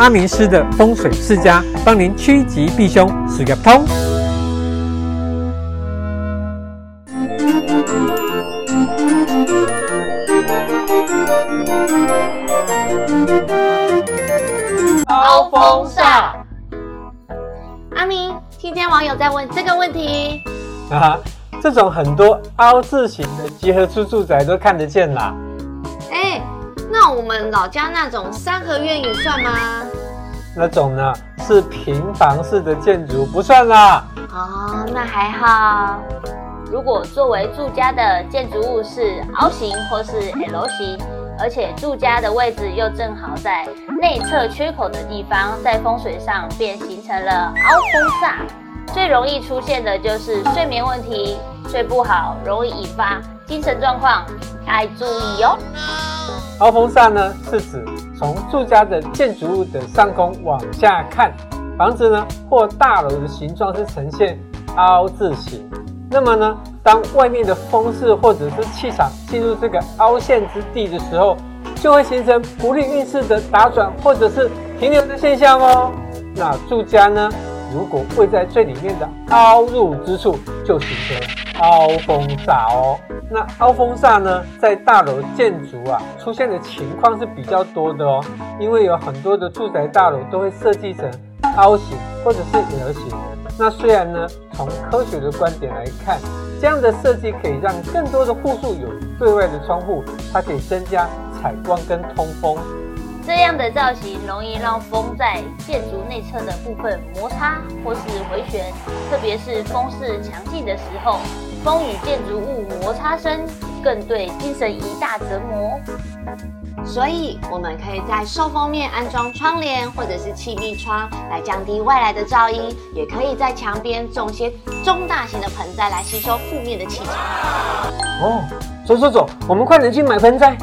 阿明師的風水世家，幫您趨吉避凶，四個通。凹風煞。阿明，今天網友在問這個問題。啊，這種很多凹字形的集合式住宅都看得見啦。那我們老家那種三合院也算嗎？那種呢是平房式的建築，不算啦。啊、哦，那還好。如果作為住家的建築物是凹形或是 L 形，而且住家的位置又正好在內側缺口的地方，在風水上便形成了凹風煞。最容易出現的就是睡眠問題，睡不好容易引發精神狀況，該注意哦。凹風煞呢，是指從住家的建築物的上空往下看，房子呢或大樓的形狀是呈現凹字形。那麼呢，當外面的風勢或者是氣場進入這個凹陷之地的時候，就會形成不利運勢的打轉或者是停留的現象哦。那住家呢，如果位在最裡面的凹入之處，就形成了凹風煞哦。那凹風煞呢，在大樓建築啊出現的情況是比較多的哦。因為有很多的住宅大樓都會設計成凹形或者是 L 形。那雖然呢，從科學的觀點來看，這樣的設計可以讓更多的戶數有對外的窗戶，它可以增加採光跟通風。這樣的造型，容易讓風在建築內側的部分摩擦或是迴旋，特別是風勢強勁的時候，風與建築物摩擦聲更對精神一大折磨。所以，我們可以在受風面安裝窗簾或者是氣密窗來降低外來的噪音，也可以在牆邊種些中大型的盆栽來吸收負面的氣場。哦，走走走，我們快點去買盆栽。